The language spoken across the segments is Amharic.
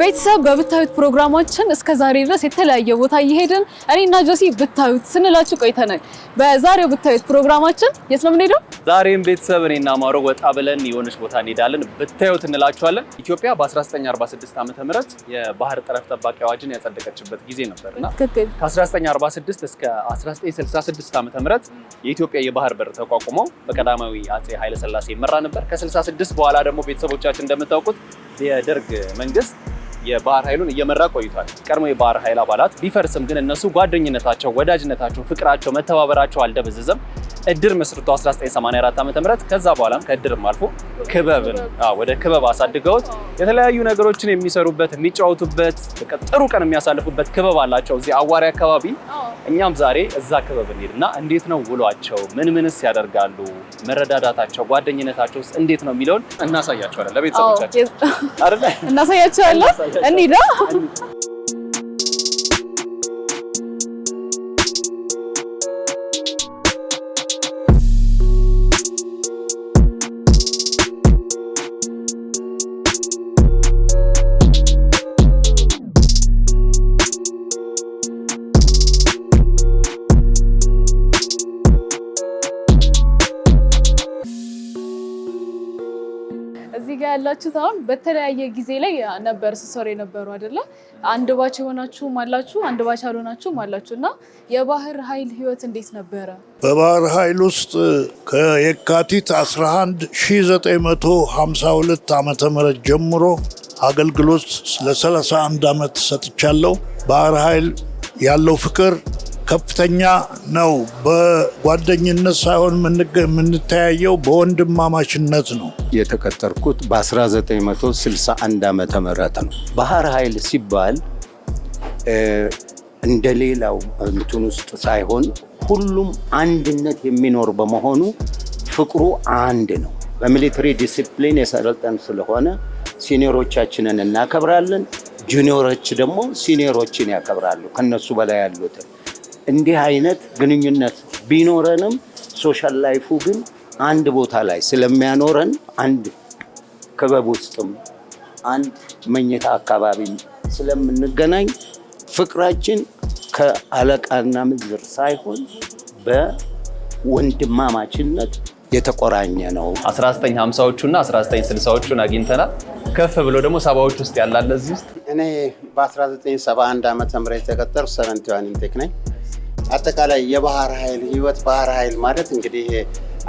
ቤተሰብ በብታዩት ፕሮግራማችን እስከ ዛሬ ድረስ የተለያየ ቦታ እየሄድን እኔና ጆሲ ብታዩት ስንላችሁ ቆይተናል። በዛሬው ብታዩት ፕሮግራማችን የት ነው የምንሄደው? ዛሬም ቤተሰብ እኔና ማሮ ወጣ ብለን የሆነች ቦታ እንሄዳለን፣ ብታዩት እንላችኋለን። ኢትዮጵያ በ1946 ም የባህር ጠረፍ ጠባቂ አዋጅን ያጸደቀችበት ጊዜ ነበርና ከ1946 እስከ 1966 ም የኢትዮጵያ የባህር በር ተቋቁሞ በቀዳማዊ አፄ ኃይለሥላሴ ይመራ ነበር። ከ66 በኋላ ደግሞ ቤተሰቦቻችን እንደምታውቁት የደርግ መንግስት የባህር ኃይሉን እየመራ ቆይቷል። ቀድሞ የባህር ኃይል አባላት ቢፈርስም ግን እነሱ ጓደኝነታቸው፣ ወዳጅነታቸው፣ ፍቅራቸው፣ መተባበራቸው አልደበዘዘም። እድር መስርቶ 1984 ዓ.ም ከዛ በኋላም ከእድርም አልፎ ክበብን ወደ ክበብ አሳድገውት የተለያዩ ነገሮችን የሚሰሩበት የሚጫወቱበት ጥሩ ቀን የሚያሳልፉበት ክበብ አላቸው እዚህ አዋሪ አካባቢ። እኛም ዛሬ እዛ ክበብ እንሄድና እንዴት ነው ውሏቸው፣ ምን ምንስ ያደርጋሉ፣ መረዳዳታቸው፣ ጓደኝነታቸው ውስጥ እንዴት ነው የሚለውን እናሳያቸዋለን። ለቤተሰቦቻቸው እናሳያቸዋለን። እንሂዳ ያላችሁት አሁን በተለያየ ጊዜ ላይ ነበር ስሰሩ የነበሩ አይደለ? አንድ ባች የሆናችሁም አላችሁ፣ አንድ ባች አልሆናችሁም አላችሁ እና የባህር ኃይል ህይወት እንዴት ነበረ? በባህር ኃይል ውስጥ ከየካቲት 11 ዓ ም ጀምሮ አገልግሎት ለ31 ዓመት ሰጥቻለሁ። ባህር ኃይል ያለው ፍቅር ከፍተኛ ነው። በጓደኝነት ሳይሆን የምንተያየው በወንድማማችነት ነው። የተቀጠርኩት በ1961 ዓ ም ነው። ባህር ኃይል ሲባል እንደ ሌላው እንትን ውስጥ ሳይሆን ሁሉም አንድነት የሚኖር በመሆኑ ፍቅሩ አንድ ነው። በሚሊተሪ ዲሲፕሊን የሰለጠን ስለሆነ ሲኒሮቻችንን እናከብራለን። ጁኒዮሮች ደግሞ ሲኒሮችን ያከብራሉ ከነሱ በላይ ያሉትን እንዲህ አይነት ግንኙነት ቢኖረንም ሶሻል ላይፉ ግን አንድ ቦታ ላይ ስለሚያኖረን አንድ ክበብ ውስጥም አንድ መኝታ አካባቢ ስለምንገናኝ ፍቅራችን ከአለቃና ምዝር ሳይሆን በወንድማማችነት የተቆራኘ ነው። 1950ዎቹና 1960ዎቹን አግኝተናል። ከፍ ብሎ ደግሞ ሰባዎች ውስጥ ያላለ እዚህ ውስጥ እኔ በ1971 ዓ ም የተቀጠሩ ሰቨንቲዋን ኢንቴክ ነኝ። አጠቃላይ የባህር ኃይል ህይወት ባህር ኃይል ማለት እንግዲህ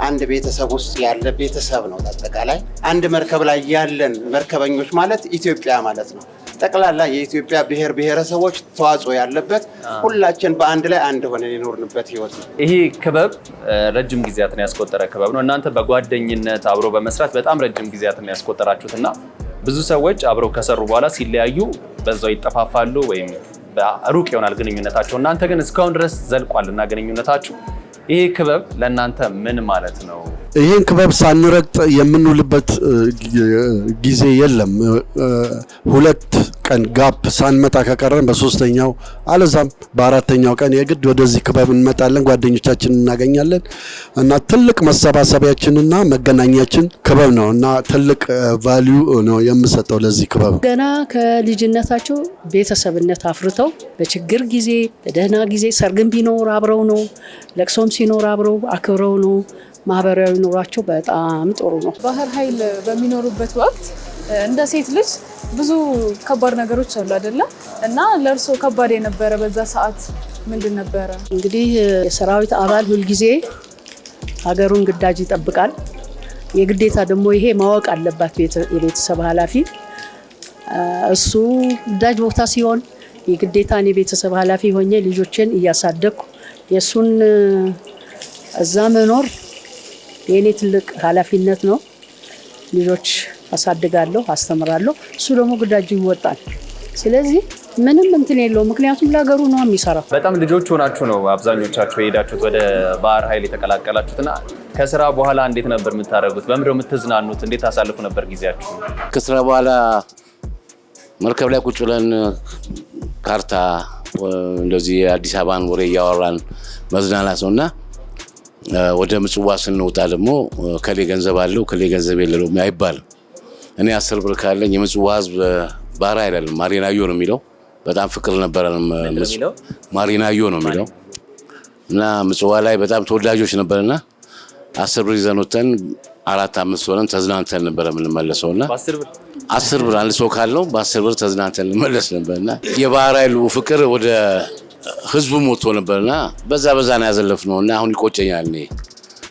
አንድ ቤተሰብ ውስጥ ያለ ቤተሰብ ነው። አጠቃላይ አንድ መርከብ ላይ ያለን መርከበኞች ማለት ኢትዮጵያ ማለት ነው። ጠቅላላ የኢትዮጵያ ብሔር ብሔረሰቦች ተዋጽኦ ያለበት ሁላችን በአንድ ላይ አንድ ሆነን የኖርንበት ህይወት ነው። ይሄ ክበብ ረጅም ጊዜያትን ያስቆጠረ ክበብ ነው። እናንተ በጓደኝነት አብሮ በመስራት በጣም ረጅም ጊዜያትን ያስቆጠራችሁትና ብዙ ሰዎች አብረው ከሰሩ በኋላ ሲለያዩ በዛው ይጠፋፋሉ ወይም ሩቅ ይሆናል ግንኙነታቸው። እናንተ ግን እስካሁን ድረስ ዘልቋልና ግንኙነታችሁ ይሄ ክበብ ለእናንተ ምን ማለት ነው? ይህን ክበብ ሳንረግጥ የምንውልበት ጊዜ የለም። ሁለት ቀን ጋፕ ሳንመጣ ከቀረን በሶስተኛው አለዛም በአራተኛው ቀን የግድ ወደዚህ ክበብ እንመጣለን፣ ጓደኞቻችን እናገኛለን እና ትልቅ መሰባሰቢያችንና መገናኛችን ክበብ ነው እና ትልቅ ቫሊዩ ነው የምሰጠው ለዚህ ክበብ። ገና ከልጅነታቸው ቤተሰብነት አፍርተው በችግር ጊዜ በደህና ጊዜ ሰርግም ቢኖር አብረው ነው፣ ለቅሶም ሲኖር አብረው አክብረው ነው ማህበራዊ ኑሯቸው በጣም ጥሩ ነው። ባህር ኃይል በሚኖሩበት ወቅት እንደ ሴት ልጅ ብዙ ከባድ ነገሮች አሉ አይደለም። እና ለእርስዎ ከባድ የነበረ በዛ ሰዓት ምንድን ነበረ? እንግዲህ የሰራዊት አባል ሁልጊዜ ሀገሩን ግዳጅ ይጠብቃል። የግዴታ ደግሞ ይሄ ማወቅ አለባት የቤተሰብ ኃላፊ እሱ ግዳጅ ቦታ ሲሆን የግዴታ እኔ ቤተሰብ ኃላፊ ሆኜ ልጆችን እያሳደግኩ የእሱን እዛ መኖር የእኔ ትልቅ ኃላፊነት ነው። ልጆች አሳድጋለሁ፣ አስተምራለሁ። እሱ ደግሞ ግዳጅ ይወጣል። ስለዚህ ምንም እንትን የለው፣ ምክንያቱም ለሀገሩ ነው የሚሰራው። በጣም ልጆች ሆናችሁ ነው አብዛኞቻችሁ የሄዳችሁት ወደ ባህር ኃይል የተቀላቀላችሁትና ከስራ በኋላ እንዴት ነበር የምታደርጉት? በምድ የምትዝናኑት? እንዴት ታሳልፉ ነበር ጊዜያችሁ? ከስራ በኋላ መርከብ ላይ ቁጭ ብለን ካርታ እንደዚህ የአዲስ አበባን ወሬ እያወራን መዝናናት ነው እና ወደ ምጽዋ ስንወጣ ደግሞ ከሌ ገንዘብ አለው ከሌ ገንዘብ የለለው አይባልም። እኔ አስር ብር ካለኝ የምጽዋ ህዝብ ባራ አይደለም ማሪናዮ ነው የሚለው። በጣም ፍቅር ነበረ። ማሪናዮ ነው የሚለው እና ምጽዋ ላይ በጣም ተወዳጆች ነበርና አስር ብር ይዘን ወተን አራት አምስት ሆነን ተዝናንተን ነበረ የምንመለሰው እና አስር ብር አንድ ሰው ካለው በአስር ብር ተዝናንተን እንመለስ ነበርና የባህር ኃይሉ ፍቅር ወደ ህዝቡ ሞቶ ነበርና በዛ በዛ ነው ያዘለፍነው እና አሁን ይቆጨኛል እኔ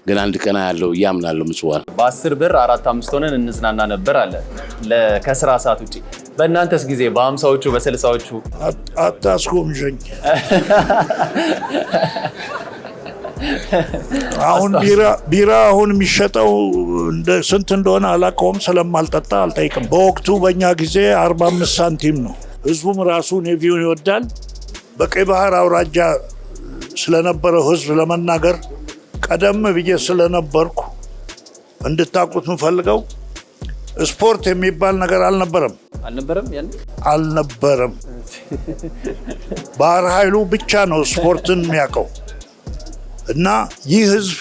ግን አንድ ቀና ያለው እያምናለሁ። ምጽዋል በአስር ብር አራት አምስት ሆነን እንዝናና ነበር አለ ከስራ ሰዓት ውጭ። በእናንተስ ጊዜ በሀምሳዎቹ በስልሳዎቹ አታስጎምዥኝ። አሁን ቢራ አሁን የሚሸጠው ስንት እንደሆነ አላቀውም ስለማልጠጣ አልጠይቅም። በወቅቱ በእኛ ጊዜ 45 ሳንቲም ነው። ህዝቡም ራሱን የቪውን ይወዳል። በቀይ ባህር አውራጃ ስለነበረው ህዝብ ለመናገር ቀደም ብዬ ስለነበርኩ እንድታውቁት ምፈልገው ስፖርት የሚባል ነገር አልነበረም አልነበረም አልነበረም። ባህር ኃይሉ ብቻ ነው ስፖርትን የሚያውቀው እና ይህ ህዝብ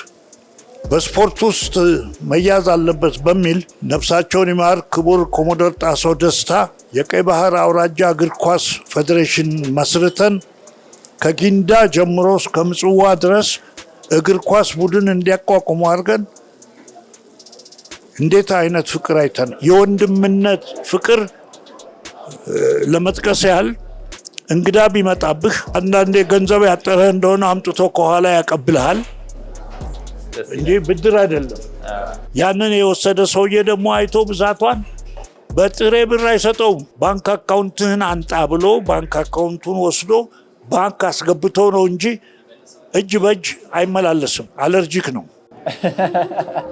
በስፖርት ውስጥ መያዝ አለበት በሚል ነፍሳቸውን ይማር ክቡር ኮሞዶር ጣሰው ደስታ የቀይ ባህር አውራጃ እግር ኳስ ፌዴሬሽን መስርተን ከጊንዳ ጀምሮ እስከ ምጽዋ ድረስ እግር ኳስ ቡድን እንዲያቋቁሙ አድርገን እንዴት አይነት ፍቅር አይተን የወንድምነት ፍቅር ለመጥቀስ ያህል እንግዳ ቢመጣብህ አንዳንዴ ገንዘብ ያጠረህ እንደሆነ አምጥቶ ከኋላ ያቀብልሃል እንጂ ብድር አይደለም። ያንን የወሰደ ሰውዬ ደግሞ አይቶ ብዛቷን በጥሬ ብር አይሰጠውም። ባንክ አካውንትህን አንጣ ብሎ ባንክ አካውንቱን ወስዶ ባንክ አስገብቶ ነው እንጂ እጅ በእጅ አይመላለስም። አለርጂክ ነው።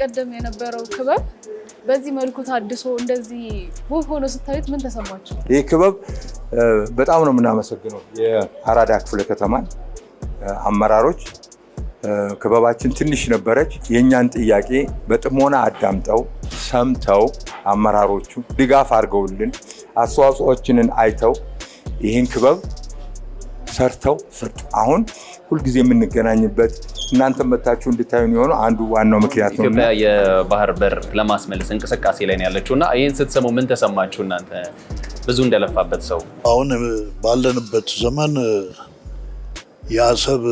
ቀደም የነበረው ክበብ በዚህ መልኩ ታድሶ እንደዚህ ውብ ሆኖ ስታዩት ምን ተሰማችሁ? ይህ ክበብ በጣም ነው የምናመሰግነው የአራዳ ክፍለ ከተማን አመራሮች። ክበባችን ትንሽ ነበረች። የእኛን ጥያቄ በጥሞና አዳምጠው ሰምተው አመራሮቹ ድጋፍ አድርገውልን አስተዋጽኦችንን አይተው ይህን ክበብ ሰርተው ሰጡ። አሁን ሁልጊዜ የምንገናኝበት እናንተ መታችሁ እንድታዩን የሆኑ አንዱ ዋናው ምክንያት ነው። ኢትዮጵያ የባህር በር ለማስመለስ እንቅስቃሴ ላይ ነው ያለችው እና ይህን ስትሰሙ ምን ተሰማችሁ እናንተ ብዙ እንደለፋበት ሰው? አሁን ባለንበት ዘመን የአሰብ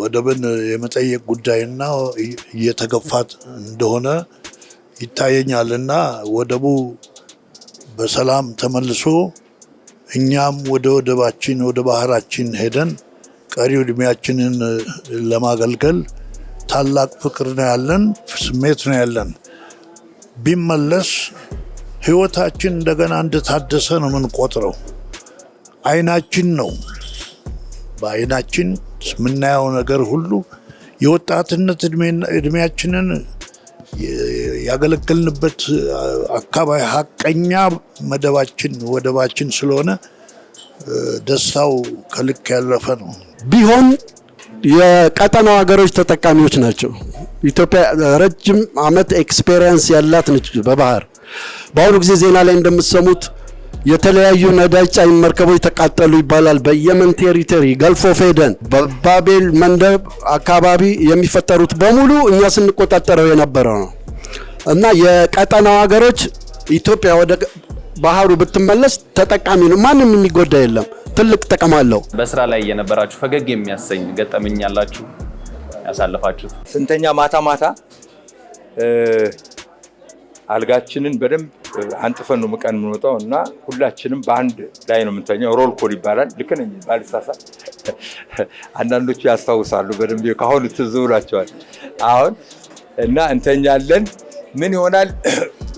ወደብን የመጠየቅ ጉዳይና እየተገፋት እንደሆነ ይታየኛል እና ወደቡ በሰላም ተመልሶ እኛም ወደ ወደባችን ወደ ባህራችን ሄደን ቀሪው እድሜያችንን ለማገልገል ታላቅ ፍቅር ነው ያለን፣ ስሜት ነው ያለን። ቢመለስ ህይወታችን እንደገና እንደታደሰ ነው የምንቆጥረው። አይናችን ነው በአይናችን የምናየው ነገር ሁሉ የወጣትነት እድሜያችንን ያገለገልንበት አካባቢ ሀቀኛ መደባችን ወደባችን ስለሆነ ደስታው ከልክ ያለፈ ነው። ቢሆን የቀጠናው ሀገሮች ተጠቃሚዎች ናቸው። ኢትዮጵያ ረጅም ዓመት ኤክስፔሪየንስ ያላት ነች በባህር። በአሁኑ ጊዜ ዜና ላይ እንደምትሰሙት የተለያዩ ነዳጅ ጫኝ መርከቦች ተቃጠሉ ይባላል። በየመን ቴሪቶሪ፣ ገልፎ ፌደን፣ በባቤል መንደብ አካባቢ የሚፈጠሩት በሙሉ እኛ ስንቆጣጠረው የነበረ ነው እና የቀጠናው ሀገሮች ኢትዮጵያ ወደ ባህሩ ብትመለስ ተጠቃሚ ነው። ማንም የሚጎዳ የለም። ትልቅ ጥቅም አለው። በስራ ላይ የነበራችሁ ፈገግ የሚያሰኝ ገጠመኝ ያላችሁ ያሳለፋችሁ? ስንተኛ ማታ ማታ አልጋችንን በደንብ አንጥፈን ነው ምቀን የምንወጣው እና ሁላችንም በአንድ ላይ ነው የምንተኛው። ሮል ኮል ይባላል። ልክ ነኝ ባልሳሳት? አንዳንዶቹ ያስታውሳሉ በደንብ ከአሁኑ ትዝ ብሏቸዋል አሁን እና እንተኛለን። ምን ይሆናል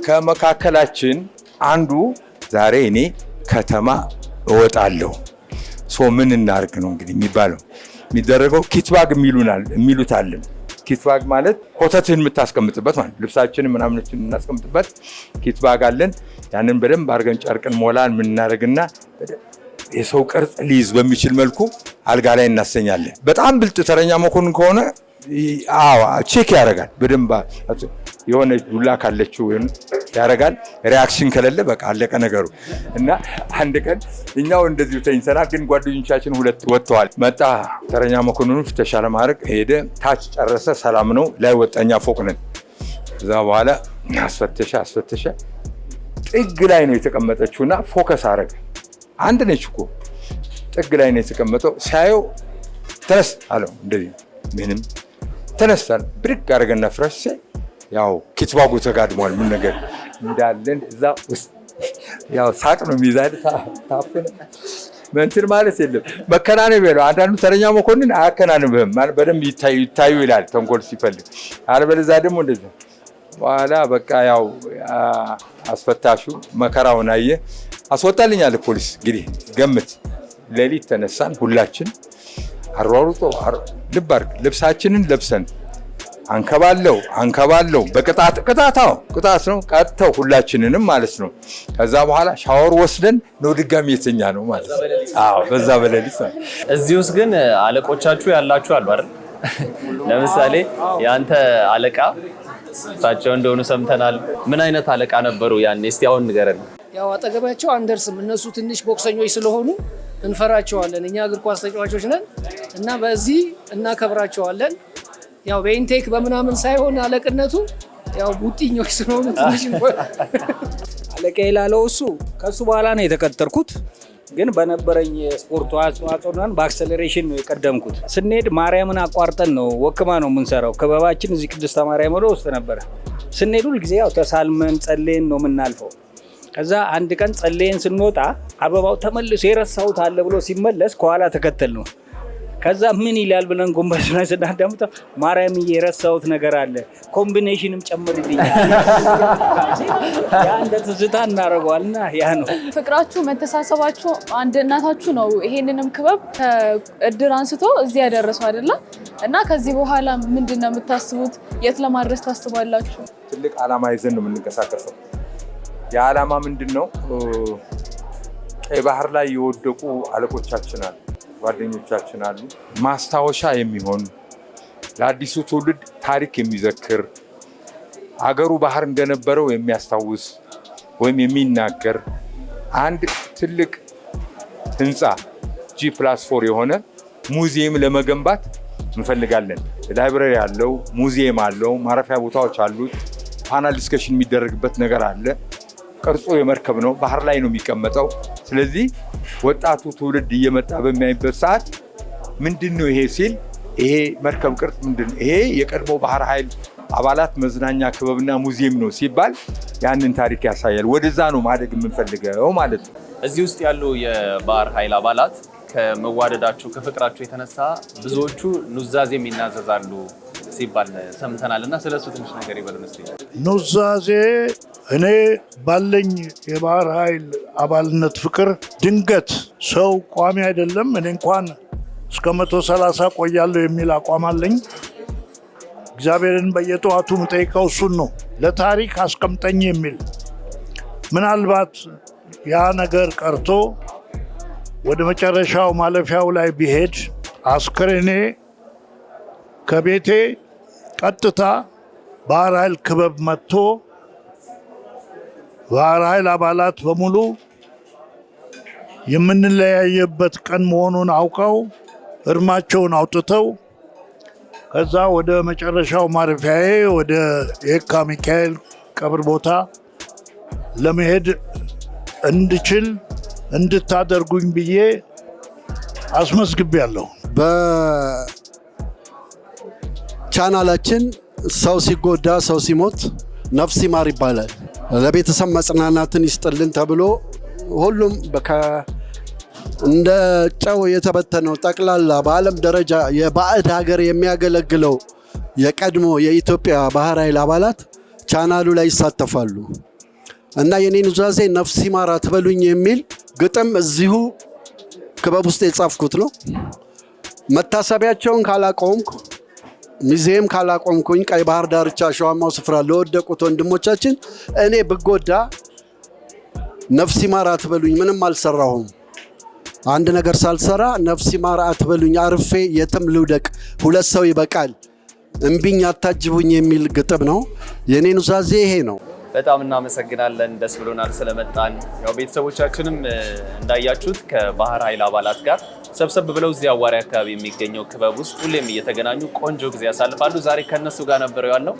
ከመካከላችን አንዱ ዛሬ እኔ ከተማ እወጣለሁ ሶ ምን እናርግ ነው እንግዲህ የሚባለው የሚደረገው። ኪትባግ የሚሉት አለን። ኪትባግ ማለት ኮተትህን የምታስቀምጥበት ማለት ልብሳችንን ምናምንችን የምናስቀምጥበት ኪትባግ አለን። ያንን በደንብ አድርገን ጨርቅን ሞላን የምናደርግና የሰው ቅርጽ ሊይዝ በሚችል መልኩ አልጋ ላይ እናሰኛለን። በጣም ብልጥ ተረኛ መኮንን ከሆነ ቼክ ያደርጋል በደንብ የሆነ ዱላ ካለችው ያደርጋል። ሪያክሽን ከሌለ በቃ አለቀ ነገሩ እና አንድ ቀን እኛው እንደዚሁ ተኝተና፣ ግን ጓደኞቻችን ሁለት ወጥተዋል። መጣ ተረኛ መኮንኑ ፍተሻ ለማድረግ ሄደ። ታች ጨረሰ። ሰላም ነው። ላይ ወጣኛ ፎቅ ነን። እዛ በኋላ አስፈተሸ አስፈተሸ። ጥግ ላይ ነው የተቀመጠችውና ፎከስ አረገ። አንድ ነች እኮ ጥግ ላይ ነው የተቀመጠው። ሲያየው ተነስ አለው። እንደዚህ ምንም ተነሳል። ብድግ አደረገና ፍራሽ ያው ኪትባጉ ተጋድሟል። ምን ነገር እንዳለን እዛ ውስጥ ያው ሳቅ ነው ሚዛን ታፍን መንትን ማለት የለም መከናነብ ነው። አንዳንዱ ተረኛ መኮንን አያከናንብህም ማለት በደንብ ይታዩ ይላል ተንኮል ሲፈልግ። አለበለዚያ ደግሞ እንደዚ በኋላ በቃ ያው አስፈታሹ መከራውን አየ አስወጣልኛል ፖሊስ። እንግዲህ ገምት ሌሊት ተነሳን ሁላችን አሯሩጦ ልብ አድርግ ልብሳችንን ለብሰን አንከባለው አንከባለው በቅጣት ቅጣታው ቅጣት ነው። ቀጥተው ሁላችንንም ማለት ነው። ከዛ በኋላ ሻወር ወስደን ነው ድጋሚ የተኛ ነው ማለት ነው። በዛ በሌሊት እዚህ ውስጥ ግን አለቆቻችሁ ያላችሁ አሉ አይደል? ለምሳሌ የአንተ አለቃ እሳቸው እንደሆኑ ሰምተናል። ምን አይነት አለቃ ነበሩ ያኔ? እስቲ አሁን ንገረን። ያው አጠገባቸው አንደርስም። እነሱ ትንሽ ቦክሰኞች ስለሆኑ እንፈራቸዋለን። እኛ እግር ኳስ ተጫዋቾች ነን እና በዚህ እናከብራቸዋለን። ያው በኢንቴክ በምናምን ሳይሆን አለቅነቱ ያው ቡጢኞች ስለሆኑ ትንሽ አለቀ ይላለው እሱ። ከሱ በኋላ ነው የተቀጠርኩት። ግን በነበረኝ የስፖርቱ አጽዋጽኦን በአክሰሌሬሽን ነው የቀደምኩት። ስንሄድ ማርያምን አቋርጠን ነው ወክማ ነው የምንሰራው። ክበባችን እዚህ ቅድስተ ማርያም ወደ ውስጥ ነበረ። ስንሄድ ሁልጊዜ ያው ተሳልመን ጸልየን ነው የምናልፈው። ከዛ አንድ ቀን ጸልየን ስንወጣ አበባው ተመልሶ የረሳሁት አለ ብሎ ሲመለስ ከኋላ ተከተል ነው ከዛ ምን ይላል ብለን ጎንበስ ብለን ስናዳምጠው ማርያም የረሳሁት ነገር አለ ኮምቢኔሽንም ጨምርልኛል ያ እንደ ትዝታ እናደርገዋልና ያ ነው ፍቅራችሁ፣ መተሳሰባችሁ፣ እናታችሁ ነው ይሄንንም ክበብ ከእድር አንስቶ እዚህ ያደረሰው አይደለም እና ከዚህ በኋላ ምንድን ነው የምታስቡት? የት ለማድረስ ታስባላችሁ? ትልቅ አላማ ይዘን ነው የምንንቀሳቀሰው። የዓላማ ምንድን ነው? ቀይ ባህር ላይ የወደቁ አለቆቻችን አሉ ጓደኞቻችን አሉ። ማስታወሻ የሚሆን ለአዲሱ ትውልድ ታሪክ የሚዘክር አገሩ ባህር እንደነበረው የሚያስታውስ ወይም የሚናገር አንድ ትልቅ ህንፃ ጂ ፕላስ ፎር የሆነ ሙዚየም ለመገንባት እንፈልጋለን። ላይብረሪ አለው፣ ሙዚየም አለው፣ ማረፊያ ቦታዎች አሉት፣ ፓናል ዲስከሽን የሚደረግበት ነገር አለ። ቅርጹ የመርከብ ነው። ባህር ላይ ነው የሚቀመጠው። ስለዚህ ወጣቱ ትውልድ እየመጣ በሚያይበት ሰዓት ምንድን ነው ይሄ ሲል ይሄ መርከብ ቅርጽ ምንድን ነው ይሄ የቀድሞ ባህር ኃይል አባላት መዝናኛ ክበብና ሙዚየም ነው ሲባል ያንን ታሪክ ያሳያል። ወደዛ ነው ማደግ የምንፈልገው ማለት ነው። እዚህ ውስጥ ያሉ የባህር ኃይል አባላት ከመዋደዳቸው ከፍቅራቸው የተነሳ ብዙዎቹ ኑዛዜ የሚናዘዛሉ ሲባል ሰምተናል እና ስለሱ ትንሽ ነገር ይበሉን እስኪ። ኑዛዜ እኔ ባለኝ የባህር ኃይል አባልነት ፍቅር ድንገት ሰው ቋሚ አይደለም። እኔ እንኳን እስከ መቶ ሰላሳ ቆያለሁ የሚል አቋም አለኝ። እግዚአብሔርን በየጠዋቱ ምጠይቀው እሱን ነው ለታሪክ አስቀምጠኝ የሚል ምናልባት ያ ነገር ቀርቶ ወደ መጨረሻው ማለፊያው ላይ ቢሄድ አስክሬኔ ከቤቴ ቀጥታ ባህር ኃይል ክበብ መጥቶ ባህር ኃይል አባላት በሙሉ የምንለያየበት ቀን መሆኑን አውቀው እርማቸውን አውጥተው ከዛ ወደ መጨረሻው ማረፊያዬ ወደ የካ ሚካኤል ቀብር ቦታ ለመሄድ እንድችል እንድታደርጉኝ ብዬ አስመስግቤያለሁ። ቻናላችን ሰው ሲጎዳ ሰው ሲሞት ነፍስ ይማር ይባላል። ለቤተሰብ መጽናናትን ይስጥልን ተብሎ ሁሉም እንደ ጨው የተበተነው ጠቅላላ በዓለም ደረጃ የባዕድ ሀገር የሚያገለግለው የቀድሞ የኢትዮጵያ ባህር ኃይል አባላት ቻናሉ ላይ ይሳተፋሉ እና የኔን ኑዛዜ ነፍስ ይማር አትበሉኝ የሚል ግጥም እዚሁ ክበብ ውስጥ የጻፍኩት ነው። መታሰቢያቸውን ካላቆምኩ ሚዜም ካላቆምኩኝ ቀይ ባህር ዳርቻ ሸዋማው ስፍራ ለወደቁት ወንድሞቻችን እኔ ብጎዳ ነፍሲ ማር አትበሉኝ፣ ምንም አልሰራሁም። አንድ ነገር ሳልሰራ ነፍሲ ማር አትበሉኝ፣ አርፌ የትም ልውደቅ፣ ሁለት ሰው ይበቃል፣ እምቢኝ አታጅቡኝ የሚል ግጥም ነው። የኔን ኑዛዜ ይሄ ነው። በጣም እናመሰግናለን። ደስ ብሎናል ስለመጣን። ያው ቤተሰቦቻችንም እንዳያችሁት ከባህር ኃይል አባላት ጋር ሰብሰብ ብለው እዚህ አዋሪ አካባቢ የሚገኘው ክበብ ውስጥ ሁሌም እየተገናኙ ቆንጆ ጊዜ ያሳልፋሉ። ዛሬ ከእነሱ ጋር ነበር ያለው።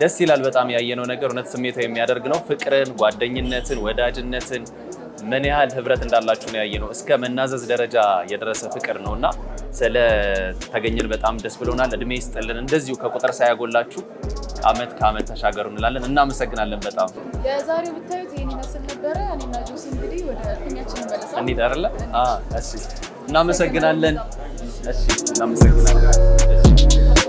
ደስ ይላል። በጣም ያየነው ነገር እውነት ስሜታዊ የሚያደርግ ነው። ፍቅርን፣ ጓደኝነትን፣ ወዳጅነትን ምን ያህል ህብረት እንዳላችሁ ነው ያየነው። እስከ መናዘዝ ደረጃ የደረሰ ፍቅር ነው እና ስለተገኘን በጣም ደስ ብሎናል። እድሜ ይስጥልን። እንደዚሁ ከቁጥር ሳያጎላችሁ አመት ከአመት ተሻገሩ እንላለን። እናመሰግናለን። በጣም የዛሬው ብታዩት ይህን ይመስል ነበረ። እኔና ጆሲ እንግዲህ ወደ ፍኛችን እንመለሳለን። እንሂድ አይደለ? እሺ እናመሰግናለን። እናመሰግናለን።